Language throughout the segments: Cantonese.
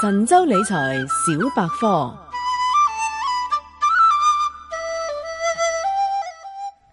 神州理財小百科。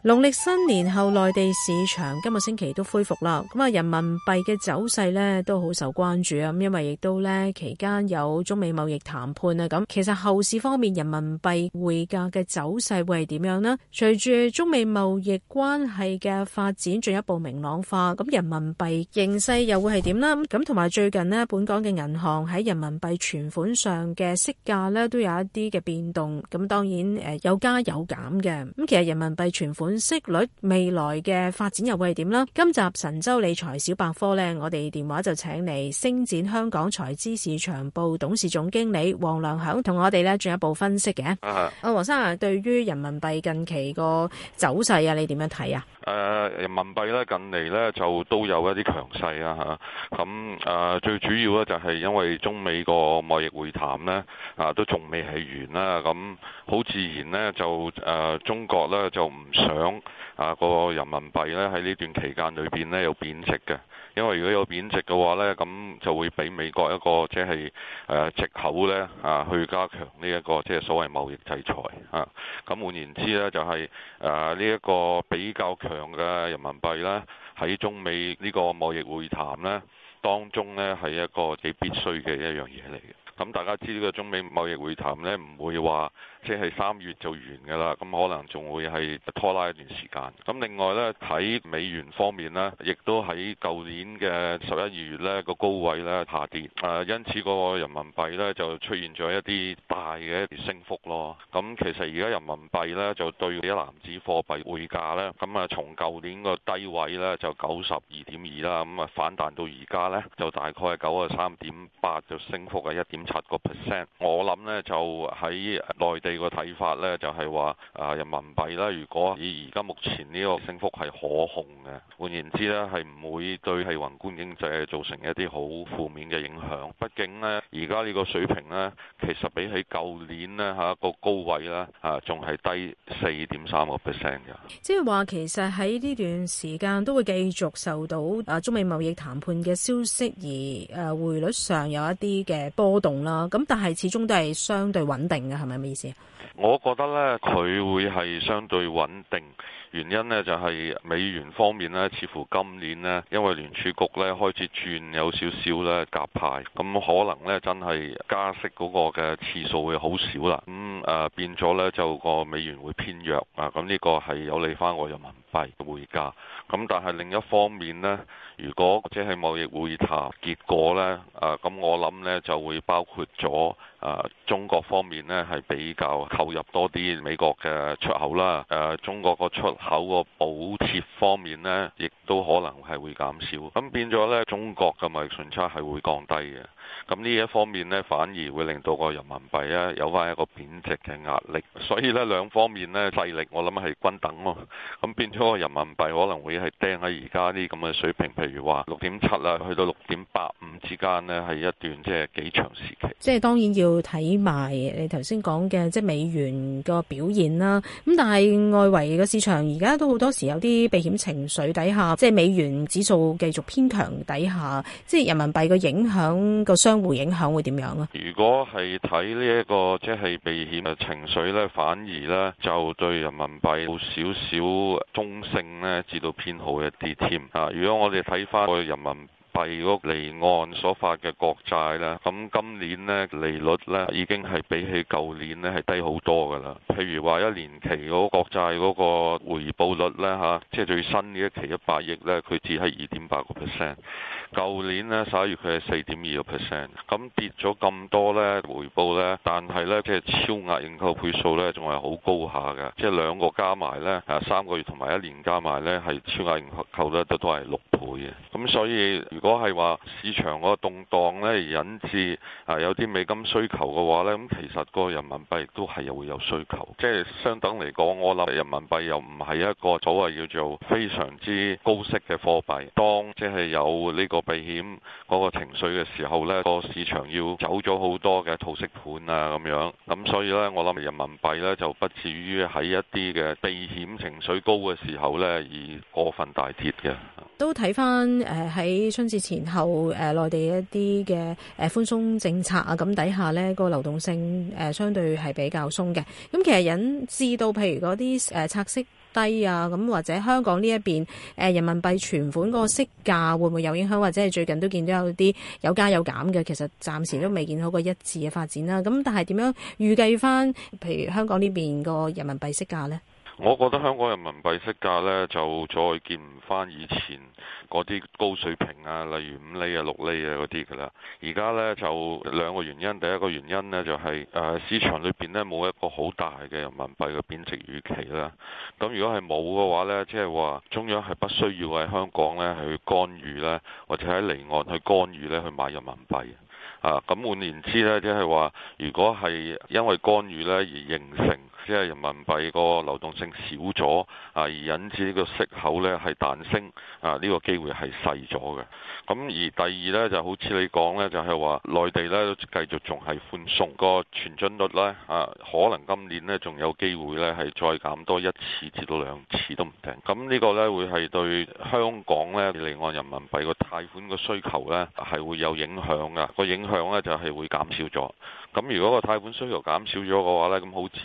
農曆新年後，內地市場今個星期都恢復啦。咁啊，人民幣嘅走勢咧都好受關注啊。咁因為亦都咧期間有中美貿易談判啊。咁其實後市方面，人民幣匯價嘅走勢會係點樣呢？隨住中美貿易關係嘅發展進一步明朗化，咁人民幣形勢又會係點呢？咁同埋最近呢，本港嘅銀行喺人民幣存款上嘅息價咧都有一啲嘅變動。咁當然誒有加有減嘅。咁其實人民幣存款。息率未來嘅發展又會係點啦？今集神州理財小百科呢，我哋電話就請嚟星展香港財資市場部董事總經理黃良響同我哋呢進一步分析嘅。啊，黃、哦、生啊，對於人民幣近期個走勢啊，你點樣睇啊？誒，人民幣咧近嚟呢就都有一啲強勢啊吓，咁、啊、誒最主要咧就係因為中美個貿易會談呢，啊都仲未係完啦，咁、啊、好、啊、自然呢，就誒、啊、中國呢，就唔想。想，啊，個人民幣咧喺呢段期間裏邊咧有貶值嘅。因為如果有貶值嘅話咧，咁就會俾美國一個即係誒藉口咧啊去加強呢一個即係、就是、所謂貿易制裁啊。咁換言之咧，就係啊呢一個比較強嘅人民幣咧，喺中美呢個貿易會談咧當中咧係一個幾必須嘅一樣嘢嚟嘅。咁大家知呢個中美貿易會談呢，唔會話即係三月就完㗎啦，咁可能仲會係拖拉一段時間。咁另外呢，睇美元方面呢，亦都喺舊年嘅十一二月呢個高位呢下跌，啊，因此個人民幣呢就出現咗一啲大嘅一啲升幅咯。咁其實而家人民幣呢，就對一籃子貨幣匯價呢，咁啊從舊年個低位呢就九十二點二啦，咁啊反彈到而家呢，就大概九十三點八，就升幅係一點七個 percent，我諗咧就喺內地個睇法咧，就係話啊人民幣咧，如果以而家目前呢個升幅係可控嘅，換言之咧，係唔會對係宏觀經濟造成一啲好負面嘅影響。畢竟咧，而家呢個水平咧，其實比起舊年咧嚇個高位咧啊，仲係低四點三個 percent 嘅。即係話其實喺呢段時間都會繼續受到啊中美貿易談判嘅消息而誒匯率上有一啲嘅波動。咁但係始終都係相對穩定嘅，係咪咁嘅意思？我覺得咧，佢會係相對穩定。原因呢就係、是、美元方面呢，似乎今年呢，因為聯儲局呢開始轉有少少呢鴿派，咁可能呢真係加息嗰個嘅次數會好少啦。咁、嗯、誒、呃、變咗呢就個美元會偏弱啊，咁、這、呢個係有利返我人民幣匯價。咁、啊、但係另一方面呢，如果即係貿易會談，結果呢，啊，咁我諗呢就會包括咗啊中國方面呢，係比較購入多啲美國嘅出口啦。誒、啊、中國個出口個補貼方面呢，亦都可能係會減少，咁變咗呢，中國嘅貿易順差係會降低嘅。咁呢一方面呢，反而會令到個人民幣呢有翻一個貶值嘅壓力。所以呢兩方面呢，勢力，我諗係均等咯。咁變咗個人民幣可能會係釘喺而家啲咁嘅水平，譬如話六點七啊，去到六點八五之間呢，係一段即係幾長時期。即係當然要睇埋你頭先講嘅即係美元個表現啦。咁但係外圍嘅市場。而家都好多時有啲避險情緒底下，即係美元指數繼續偏強底下，即係人民幣嘅影響、個相互影響會點樣啊？如果係睇呢一個即係、就是、避險嘅情緒咧，反而咧就對人民幣有少少中性咧，至到偏好一啲添啊！如果我哋睇翻個人民例如離岸所發嘅國債咧，咁今年咧利率咧已經係比起舊年咧係低好多㗎啦。譬如話一年期嗰個國債嗰個回報率咧嚇、啊，即係最新呢一期一百億咧，佢只係二點八個 percent。舊年咧，十一月佢係四點二個 percent。咁跌咗咁多咧，回報咧，但係咧即係超額認購倍數咧，仲係好高下㗎。即係兩個加埋咧，誒、啊、三個月同埋一年加埋咧，係超額認購咧，都都係六。會。咁所以如果係話市場嗰個動盪咧，引致啊有啲美金需求嘅話咧，咁其實個人民幣都係又會有需求，即係相等嚟講，我諗人民幣又唔係一個所謂叫做非常之高息嘅貨幣，當即係有呢個避險嗰個情緒嘅時候咧，個市場要走咗好多嘅套息盤啊咁樣，咁所以咧，我諗人民幣咧就不至於喺一啲嘅避險情緒高嘅時候咧而過分大跌嘅。都睇。翻誒喺春節前後誒、呃、內地一啲嘅誒寬鬆政策啊，咁底下呢、個流動性誒、呃、相對係比較鬆嘅。咁其實引致到譬如嗰啲誒拆息低啊，咁或者香港呢一邊誒、呃、人民幣存款嗰個息價會唔會有影響？或者係最近都見到有啲有加有減嘅，其實暫時都未見到個一致嘅發展啦。咁但係點樣預計翻譬如香港呢邊個人民幣息價呢？我覺得香港人民幣息價呢，就再見唔返以前嗰啲高水平啊，例如五厘啊、六厘啊嗰啲㗎啦。而家呢，就兩個原因，第一個原因呢，就係、是、誒、啊、市場裏邊呢，冇一個好大嘅人民幣嘅貶值預期啦。咁如果係冇嘅話呢，即係話中央係不需要喺香港呢去干預呢，或者喺離岸去干預呢，去買人民幣。啊，咁換言之咧，即係話，如果係因為干預咧而形成，即係人民幣個流動性少咗，啊而引致呢個息口咧係彈升，啊呢個機會係細咗嘅。咁而第二咧，就好似你講咧，就係話內地咧繼續仲係寬鬆，個存準率咧啊，可能今年咧仲有機會咧係再減多一次至到兩次都唔定。咁呢個咧會係對香港咧離岸人民幣個貸款個需求咧係會有影響嘅，個影響。佢咧就係會減少咗，咁如果個貸款需求減少咗嘅話咧，咁好自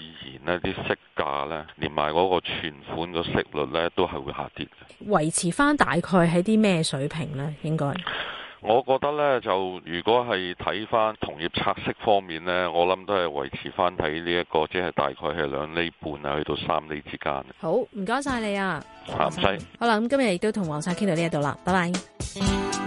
然咧，啲息價咧，連埋嗰個存款個息率咧，都係會下跌。維持翻大概喺啲咩水平咧？應該我覺得咧，就如果係睇翻同業拆息方面咧，我諗都係維持翻喺呢一個，即係大概係兩厘半啊，去到三厘之間。好，唔該晒你啊，唔使。好啦，咁今日亦都同王生傾到呢一度啦，拜拜。